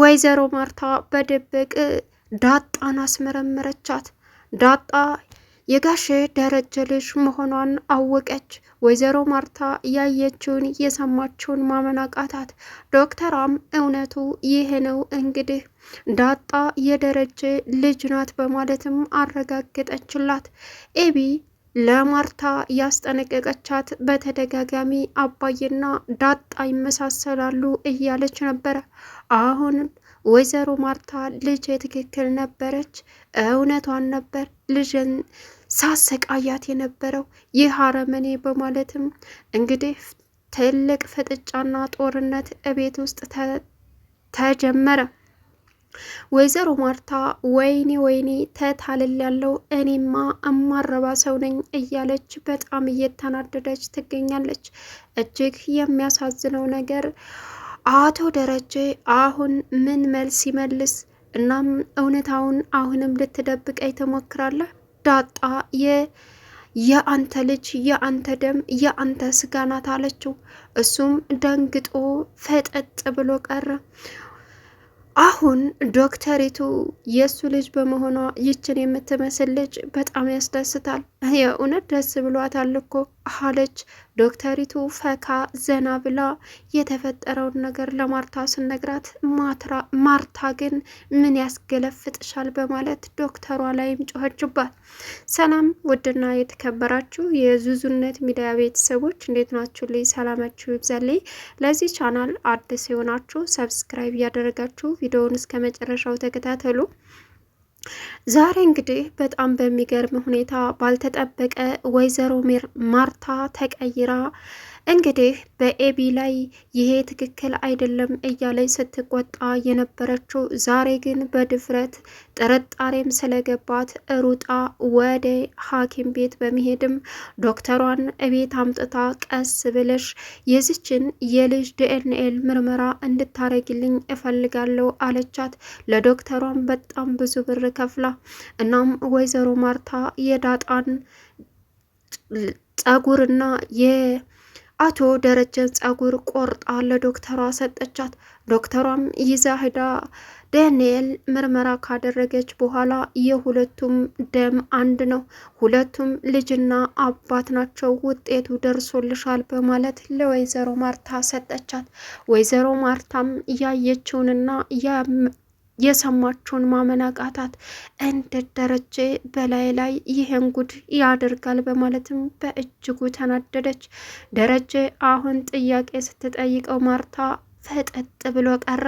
ወይዘሮ ማርታ በድብቅ ዳጣን አስመረመረቻት። ዳጣ የጋሼ ደረጀ ልጅ መሆኗን አወቀች። ወይዘሮ ማርታ ያየችውን የሰማችውን ማመን አቃታት። ዶክተሯም እውነቱ ይህ ነው እንግዲህ ዳጣ የደረጀ ልጅ ናት በማለትም አረጋገጠችላት። ኤቢ ለማርታ ያስጠነቀቀቻት በተደጋጋሚ አባዬና ዳጣ ይመሳሰላሉ እያለች ነበረ። አሁንም ወይዘሮ ማርታ ልጄ ትክክል ነበረች፣ እውነቷን ነበር ልጅን ሳሰቃያት የነበረው ይህ አረመኔ በማለትም እንግዲህ ትልቅ ፍጥጫና ጦርነት እቤት ውስጥ ተጀመረ። ወይዘሮ ማርታ ወይኔ ወይኔ ተታልል ያለው እኔማ እማረባ ሰው ነኝ እያለች በጣም እየተናደደች ትገኛለች። እጅግ የሚያሳዝነው ነገር አቶ ደረጀ አሁን ምን መልስ ይመልስ? እናም እውነታውን አሁንም ልትደብቀኝ ትሞክራለህ ዳጣ የ የአንተ ልጅ የአንተ ደም የአንተ ስጋ ናት አለችው። እሱም ደንግጦ ፈጠጥ ብሎ ቀረ። አሁን ዶክተሪቱ የእሱ ልጅ በመሆኗ ይችን የምትመስል ልጅ በጣም ያስደስታል። የእውነት ደስ ብሏታል እኮ አለች። ዶክተሪቱ ፈካ ዘና ብላ የተፈጠረውን ነገር ለማርታ ስነግራት ማርታ ግን ምን ያስገለፍጥሻል በማለት ዶክተሯ ላይም ጮኸችባት። ሰላም ውድና የተከበራችሁ የዙዙነት ሚዲያ ቤተሰቦች እንዴት ናችሁ? ልይ ሰላማችሁ ይብዛልኝ። ለዚህ ቻናል አዲስ የሆናችሁ ሰብስክራይብ እያደረጋችሁ ቪዲዮውን እስከ መጨረሻው ተከታተሉ። ዛሬ እንግዲህ በጣም በሚገርም ሁኔታ ባልተጠበቀ ወይዘሮ ማርታ ተቀይራ እንግዲህ በኤቢ ላይ ይሄ ትክክል አይደለም እያለች ስትቆጣ የነበረችው ዛሬ ግን በድፍረት ጥርጣሬም ስለገባት ሩጣ ወደ ሐኪም ቤት በመሄድም ዶክተሯን እቤት አምጥታ ቀስ ብለሽ የዚችን የልጅ ዲኤንኤል ምርመራ እንድታረግልኝ እፈልጋለሁ አለቻት። ለዶክተሯን በጣም ብዙ ብር ከፍላ እናም ወይዘሮ ማርታ የዳጣን ጸጉርና አቶ ደረጀን ጸጉር ቆርጣ ለዶክተሯ ሰጠቻት። ዶክተሯም ይዛ ሂዳ ዳንኤል ምርመራ ካደረገች በኋላ የሁለቱም ደም አንድ ነው፣ ሁለቱም ልጅና አባት ናቸው፣ ውጤቱ ደርሶልሻል በማለት ለወይዘሮ ማርታ ሰጠቻት። ወይዘሮ ማርታም ያየችውንና የሰማችውን ማመን አቃታት። እንዴት ደረጀ በላይ ላይ ይህን ጉድ ያደርጋል በማለትም በእጅጉ ተናደደች። ደረጀ አሁን ጥያቄ ስትጠይቀው ማርታ ፈጠጥ ብሎ ቀረ።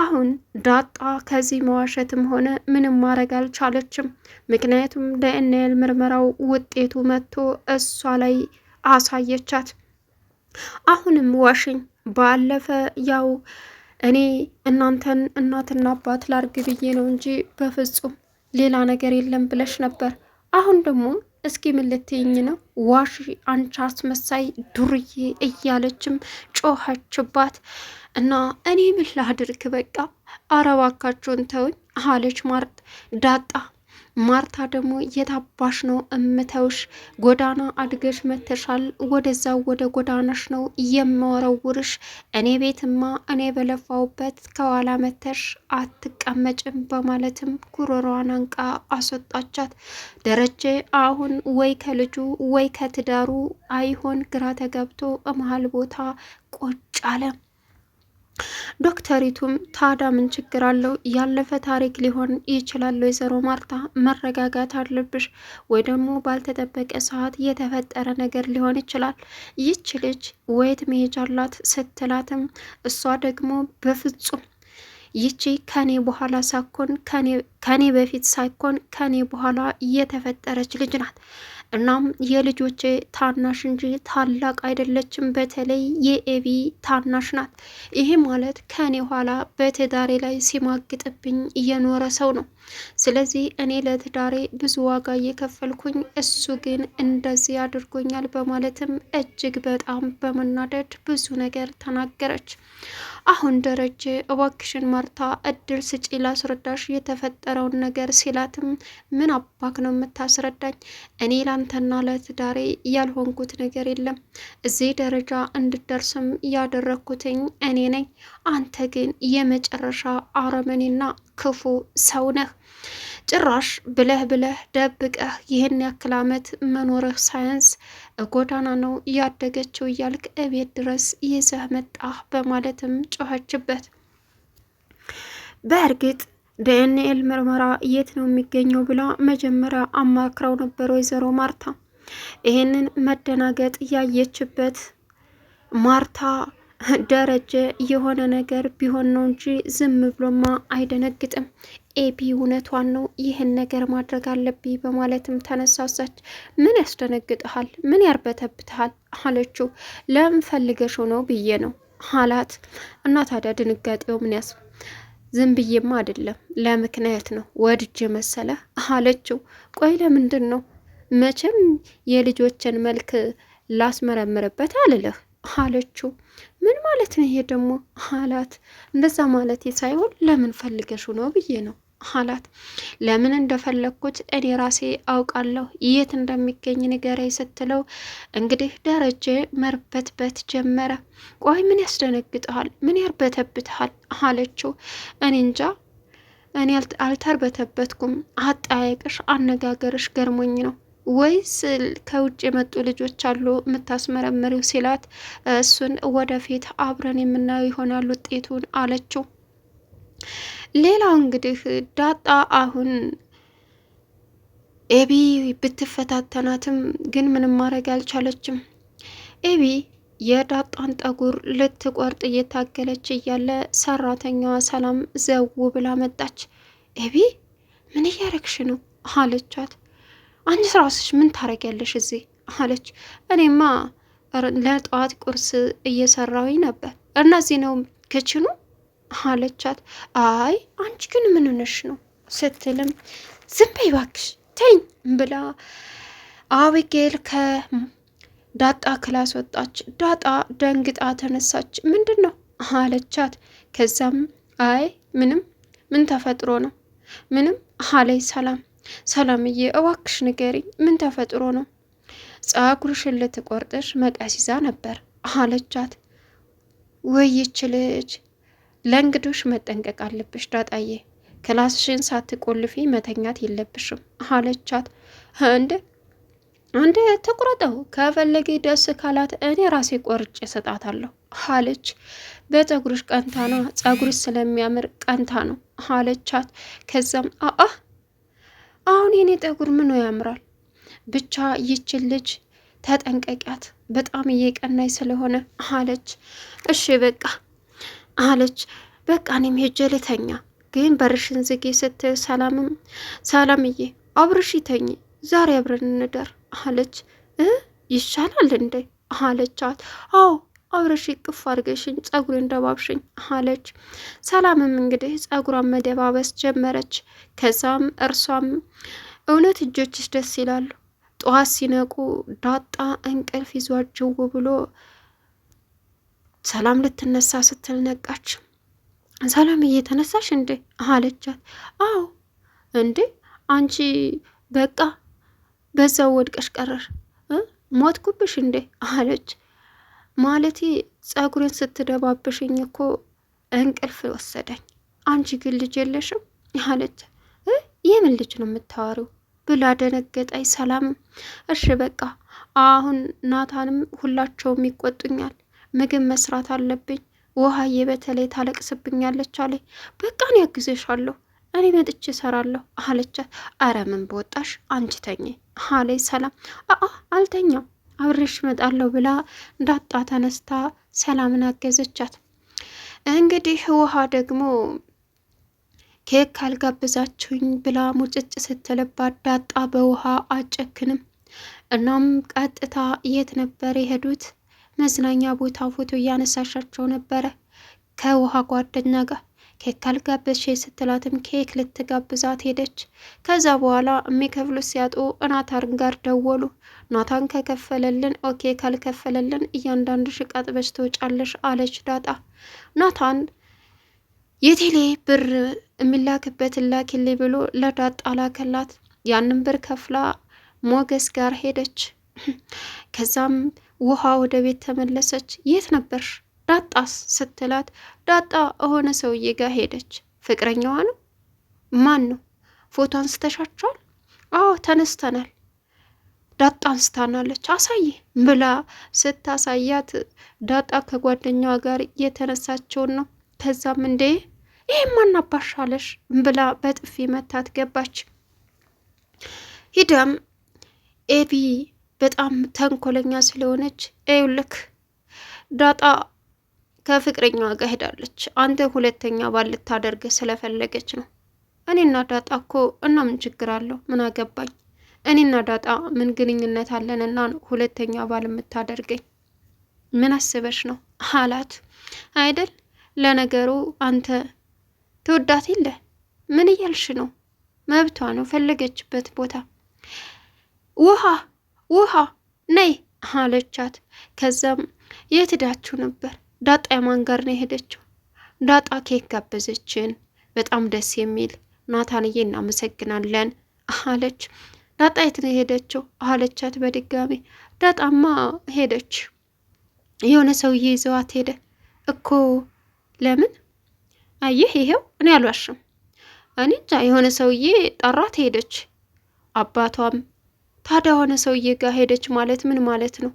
አሁን ዳጣ ከዚህ መዋሸትም ሆነ ምንም ማድረግ አልቻለችም። ምክንያቱም ዲኤንኤ ምርመራው ውጤቱ መጥቶ እሷ ላይ አሳየቻት። አሁንም ዋሽኝ ባለፈ ያው እኔ እናንተን እናትና አባት ላርግ ብዬ ነው እንጂ በፍጹም ሌላ ነገር የለም ብለሽ ነበር። አሁን ደግሞ እስኪ ምን ልትይኝ ነው? ዋሽ አንቺ አስመሳይ ዱርዬ እያለችም ጮኸችባት እና እኔ ምን ላድርግ በቃ አረባካችሁን ተውኝ አለች ማርት ዳጣ ማርታ ደግሞ የታባሽ ነው እምተውሽ፣ ጎዳና አድገሽ መተሻል፣ ወደዛው ወደ ጎዳናሽ ነው የምወረውርሽ። እኔ ቤትማ እኔ በለፋውበት ከኋላ መተሽ አትቀመጭም በማለትም ጉሮሯን አንቃ አስወጣቻት። ደረጀ አሁን ወይ ከልጁ ወይ ከትዳሩ አይሆን ግራ ተገብቶ መሀል ቦታ ቁጭ አለም ዶክተሪቱም ታዳ ምን ችግር አለው? ያለፈ ታሪክ ሊሆን ይችላል። ወይዘሮ ማርታ መረጋጋት አለብሽ፣ ወይ ደግሞ ባልተጠበቀ ሰዓት የተፈጠረ ነገር ሊሆን ይችላል። ይች ልጅ ወየት መሄጃ አላት ስትላትም እሷ ደግሞ በፍጹም ይቺ ከኔ በኋላ ሳኮን ከኔ በፊት ሳይኮን ከኔ በኋላ የተፈጠረች ልጅ ናት እናም የልጆቼ ታናሽ እንጂ ታላቅ አይደለችም። በተለይ የኤቢ ታናሽ ናት። ይሄ ማለት ከኔ ኋላ በትዳሬ ላይ ሲማግጥብኝ እየኖረ ሰው ነው። ስለዚህ እኔ ለትዳሬ ብዙ ዋጋ እየከፈልኩኝ እሱ ግን እንደዚህ አድርጎኛል በማለትም እጅግ በጣም በመናደድ ብዙ ነገር ተናገረች። አሁን ደረጀ እባክሽን ማርታ እድል ስጪ ላስረዳሽ የተፈጠረውን ነገር ሲላትም ምን አባክ ነው የምታስረዳኝ? እኔ ላንተና ለትዳሬ ያልሆንኩት ነገር የለም። እዚህ ደረጃ እንድደርስም ያደረግኩትኝ እኔ ነኝ። አንተ ግን የመጨረሻ አረመኔና ክፉ ሰው ነህ። ጭራሽ ብለህ ብለህ ደብቀህ ይህን ያክል ዓመት መኖርህ ሳያንስ ጎዳና ነው ያደገችው እያልክ እቤት ድረስ ይዘህ መጣህ በማለትም ጮኸችበት። በእርግጥ ዲኤንኤል ምርመራ የት ነው የሚገኘው ብላ መጀመሪያ አማክረው ነበር ወይዘሮ ማርታ። ይህንን መደናገጥ ያየችበት ማርታ ደረጀ የሆነ ነገር ቢሆን ነው እንጂ ዝም ብሎማ አይደነግጥም። ኤቢ እውነቷን ነው፣ ይህን ነገር ማድረግ አለብኝ በማለትም ተነሳሳች። ምን ያስደነግጥሃል? ምን ያርበተብትሃል? አለችው። ለምን ፈልገሽው ነው ብዬ ነው አላት። እና ታዲያ ድንጋጤው ምን ያስ ዝም ብዬማ አይደለም፣ ለምክንያት ነው ወድጄ መሰለ አለችው። ቆይ ለምንድን ነው? መቼም የልጆችን መልክ ላስመረምርበት አልልህ አለችው። ምን ማለት ነው ይሄ ደግሞ አላት። እንደዛ ማለት ሳይሆን ለምን ፈልገሽው ነው ብዬ ነው አላት። ለምን እንደፈለግኩት እኔ ራሴ አውቃለሁ፣ የት እንደሚገኝ ንገረኝ ስትለው እንግዲህ ደረጀ መርበትበት ጀመረ። ቆይ ምን ያስደነግጠሃል? ምን ያርበተብትሃል? አለችው። እኔ እንጃ እኔ አልተርበተበትኩም። አጠያየቅሽ፣ አነጋገርሽ ገርሞኝ ነው ወይስ ከውጭ የመጡ ልጆች አሉ የምታስመረምሪው ሲላት፣ እሱን ወደፊት አብረን የምናየው ይሆናል ውጤቱን አለችው። ሌላው እንግዲህ ዳጣ አሁን ኤቢ ብትፈታተናትም ግን ምንም ማድረግ አልቻለችም። ኤቢ የዳጣን ጠጉር ልትቆርጥ እየታገለች እያለ ሰራተኛዋ ሰላም ዘው ብላ መጣች። ኤቢ ምን እያረግሽ ነው አለቻት። አንቺ ራስሽ ምን ታረጊያለሽ እዚህ አለች። እኔማ ለጠዋት ቁርስ እየሰራሁኝ ነበር። እነዚህ ነው ክችኑ አለቻት። አይ አንቺ ግን ምን ሆነሽ ነው ስትልም ዝም በይ እባክሽ ተኝ ብላ አቢጌል ከዳጣ ክላስ ወጣች። ዳጣ ደንግጣ ተነሳች። ምንድን ነው አለቻት። ከዛም አይ ምንም ምን ተፈጥሮ ነው ምንም አለይ ሰላም ሰላምዬ እባክሽ ንገሪኝ፣ ምን ተፈጥሮ ነው? ጸጉርሽን ልትቆርጥሽ መቀስ ይዛ ነበር አለቻት። ውይች ልጅ ለእንግዶች መጠንቀቅ አለብሽ ዳጣዬ፣ ክላስሽን ሳትቆልፊ መተኛት የለብሽም አለቻት። እንደ አንድ ተቆረጠው ከፈለገ ደስ ካላት እኔ ራሴ ቆርጬ እሰጣታለሁ አለች። በጸጉርሽ ቀንታ ነው፣ ጸጉርሽ ስለሚያምር ቀንታ ነው አለቻት። ከዛም አአ አሁን የኔ ጠጉር ምኑ ያምራል? ብቻ ይችን ልጅ ተጠንቀቂያት፣ በጣም እየቀናይ ስለሆነ አለች። እሺ በቃ አለች። በቃ እኔም ሄጄ ልተኛ። ግን በርሽን ዝጌ ስትል ሰላምም ሰላምዬ አብርሽ ይተኝ ዛሬ አብረን እንደር አለች። ይሻላል እንዴ አለቻት። አዎ አብረሽ ቅፍ አድርገሽኝ ጸጉሬ እንደባብሽኝ አለች። ሰላምም እንግዲህ ጸጉሯን መደባበስ ጀመረች። ከዛም እርሷም እውነት እጆችሽ ደስ ይላሉ። ጠዋት ሲነቁ ዳጣ እንቅልፍ ይዟጅው ብሎ ሰላም ልትነሳ ስትል ነቃች። ሰላም እየተነሳሽ እንዴ አለቻት። አዎ እንዴ አንቺ በቃ በዛው ወድቀሽ ቀረሽ ሞትኩብሽ እንዴ አለች። ማለቴ ጸጉሬን ስትደባብሽኝ እኮ እንቅልፍ ወሰደኝ። አንቺ ግን ልጅ የለሽም አለች። የምን ልጅ ነው የምታወሪው ብላ ደነገጠኝ። ሰላምም እሺ በቃ አሁን ናታንም ሁላቸውም ይቆጡኛል፣ ምግብ መስራት አለብኝ፣ ውሃዬ በተለይ ታለቅስብኛለች አለ። በቃ እኔ አግዝሻለሁ፣ እኔ መጥቼ እሰራለሁ አለቻት። አረ ምን በወጣሽ አንቺ ተኝ አለኝ ሰላም። አአ አልተኛም አብሬሽ እመጣለሁ ብላ ዳጣ ተነስታ ሰላምን አገዘቻት። እንግዲህ ውሃ ደግሞ ኬክ ካልጋብዛችሁኝ ብላ ሙጭጭ ስትልባት ዳጣ በውሃ አጨክንም። እናም ቀጥታ የት ነበር የሄዱት? መዝናኛ ቦታ ፎቶ እያነሳሻቸው ነበረ ከውሃ ጓደኛ ጋር ኬክ ካልጋበዝሽ ስትላትም ኬክ ልትጋብዛት ሄደች። ከዛ በኋላ የሚከፍሉ ሲያጡ እናታርን ጋር ደወሉ። ናታን ከከፈለልን ኦኬ፣ ካልከፈለልን እያንዳንዱ ሽቃጥ ጥበሽ አለች ዳጣ። ናታን የቴሌ ብር የሚላክበትን ላኪሌ ብሎ ለዳጣ ላከላት። ያንን ብር ከፍላ ሞገስ ጋር ሄደች። ከዛም ውሃ ወደ ቤት ተመለሰች። የት ነበርሽ ዳጣስ ስትላት፣ ዳጣ እሆነ ሰውዬ ጋር ሄደች። ፍቅረኛዋ ነው? ማን ነው? ፎቶ አንስተሻቸዋል? አዎ ተነስተናል። ዳጣ አንስታናለች አሳይ ብላ ስታሳያት ዳጣ ከጓደኛዋ ጋር እየተነሳቸውን ነው። ከዛም እንዴ ይህም ማናባሻለሽ ብላ በጥፊ መታት ገባች። ሂዳም ኤቢ በጣም ተንኮለኛ ስለሆነች ይኸውልህ ዳጣ ከፍቅረኛዋ ጋር ሄዳለች። አንተ ሁለተኛ ባል ልታደርግ ስለፈለገች ነው። እኔና ዳጣ እኮ እና ምን ችግር አለው? ምን አገባኝ እኔና ዳጣ ምን ግንኙነት አለንና ነው ሁለተኛ ባል የምታደርገኝ? ምን አስበሽ ነው አላት። አይደል ለነገሩ አንተ ትወዳት የለ ምን እያልሽ ነው? መብቷ ነው፣ ፈለገችበት ቦታ ውሃ ውሃ ነይ አለቻት። ከዛም የት ሄዳችሁ ነበር? ዳጣ የማን ጋር ነው የሄደችው? ዳጣ ኬክ ጋበዘችን፣ በጣም ደስ የሚል ናታንዬ፣ እናመሰግናለን አለች። ዳጣ የት ነው የሄደችው አለቻት በድጋሚ ዳጣማ ሄደች የሆነ ሰውዬ ይዘዋት ሄደ እኮ ለምን አየህ ይሄው እኔ አልዋሽም እኔ እንጃ የሆነ ሰውዬ ጠራት ሄደች አባቷም ታዲያ የሆነ ሰውዬ ጋር ሄደች ማለት ምን ማለት ነው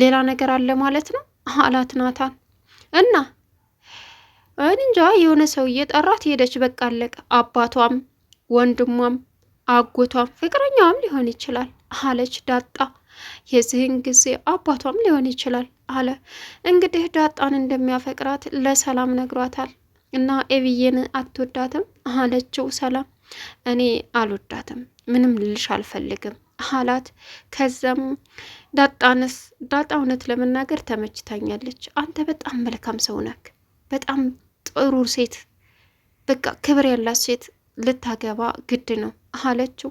ሌላ ነገር አለ ማለት ነው አላት ናታን እና እንጃ የሆነ ሰውዬ ጠራት ሄደች በቃ አለቀ አባቷም ወንድሟም አጎቷም ፍቅረኛዋም ሊሆን ይችላል አለች ዳጣ። የዚህን ጊዜ አባቷም ሊሆን ይችላል አለ። እንግዲህ ዳጣን እንደሚያፈቅራት ለሰላም ነግሯታል። እና ኤብዬን አትወዳትም አለችው ሰላም። እኔ አልወዳትም ምንም ልልሽ አልፈልግም አላት። ከዛም ዳጣንስ ዳጣ እውነት ለመናገር ተመችታኛለች። አንተ በጣም መልካም ሰው ነክ፣ በጣም ጥሩ ሴት፣ በቃ ክብር ያላት ሴት ልታገባ ግድ ነው አለችው።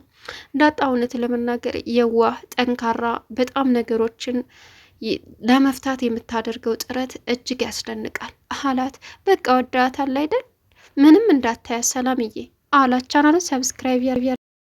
ዳጣ እውነት ለመናገር የዋህ ጠንካራ፣ በጣም ነገሮችን ለመፍታት የምታደርገው ጥረት እጅግ ያስደንቃል አላት። በቃ ወዳታል አይደል? ምንም እንዳታያ ሰላምዬ አላቻናለ ሰብስክራይብ